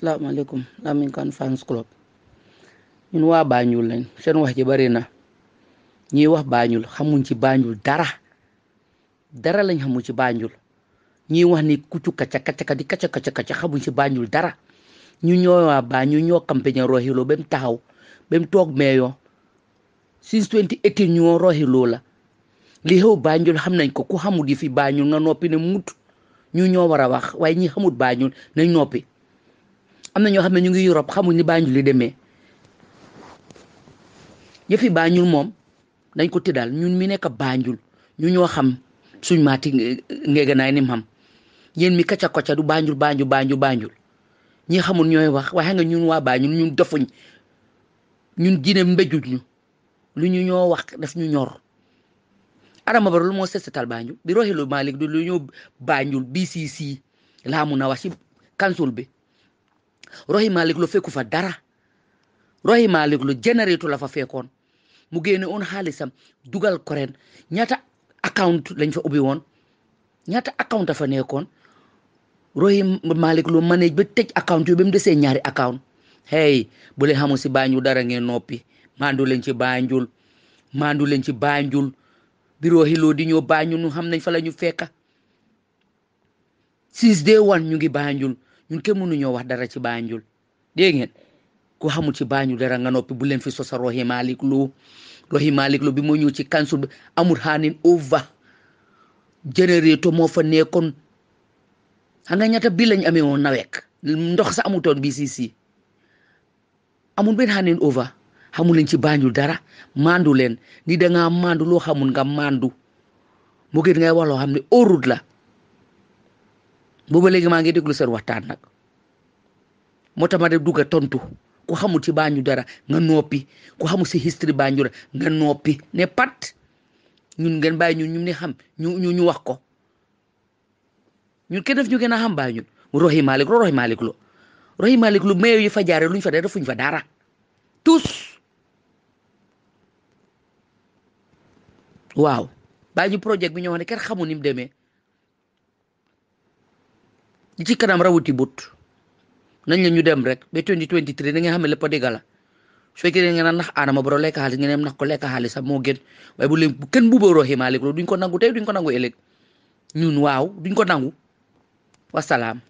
asalaamaaleykum Lamine Kane fans club ñun waa Banjul lañ seen wax ji bari na ñuy wax Banjul xamuñ ci Banjul dara dara lañ xamuñ ci Banjul ñuy wax ni kucu kaca kaca di kaca kaca kaca xamuñ ci Banjul dara ñu ñoo waa Banjul ñoo campagne Rohilo ba mu taxaw ba mu toog meeyoo since 2018 ñu Rohilo la li xew Banjul xam nañ ko ku xamul yi fi Banjul nga noppi ne mut ñu ñoo war a wax waaye ñi xamul Banjul nañ noppi am na ñoo xam ne ñu ngi Europe xamuñ ni Banjul li demee yëfi Banjul moom dañ ko daal ñun mi nekk Banjul ñu ñoo xam suñ maati ngeeganaay ni mu xam yéen mi kaca koca du Banjul Banjul Banjul Banjul ñi xamul ñooy wax waaye nga ñun waa Banjul ñun dofuñ ñun jine mbéjuj ñu lu ñu ñoo wax daf ñu ñor Adama Barrow lu moo sesetal Banjul bi Rohilo Malick du lu ñoo Banjul BCC laa mun a wax ci council bi rohi maliklo fekku fa dara rohi maliklo generator la fa fekkoon mu génne on xaalisam dugal ko ren ñaata account lañ fa ubbi woon ñaata account a fa nekkoon rohi maliklo manage ba tëj account yu ba mu desee ñaari account hey bu leen xamul si baañu dara ngee noppi maandu leen ci Banjul maandu leen ci Banjul bi rohi di ñoo Banjul ñu xam nañ fa la ñu fekka since day one ñu ngi Banjul ñun kenn mënuñoo wax dara ci Banjul dégg ngeen ku xamul ci Banjul dara nga noppi bu leen fi sosa Rohey Malick Lowe Rohey Malick Lowe bi moo ñëw ci council bi amul xaanin over generator moo fa nekkoon xam nga ñaata lañ amee woon nawek ndox sa amutoon bi si si amul benn xamul leen ci baajul dara mandu leen ni da ngaa loo xamul nga mandu moo gën ngay wax loo xam ne óorut la booba léegi maa ngi déglu seen waxtaan nag moo tax ma def dugg a tontu ku xamul ci baañu dara nga noppi ku xamul si history baañu dara nga noppi ne pat ñun ngeen bàyyi ñun ñu ne xam ñu ñu ñu wax ko ñun kenn def ñu gën a xam baañu rohi malik lo rohi malik lo rohi malik lu mayo yi fa jaare luñ fa def defuñ fa dara tous waaw baañu projet bi ñoo xam ne kenn xamul ni mu demee. li ci kanam rawuti but nañ la ñu dem rek ba 2023 da nga xam ne lépp a dégg la su fekkee ne nga naan nax Adama Barrow lekk xaalis nga ne nax ko lekk xaalis sax moo gën waaye bu leen kenn bu ko nangu tey duñ ko nangu ëllëg ñun waaw duñ ko nangu wasalaam.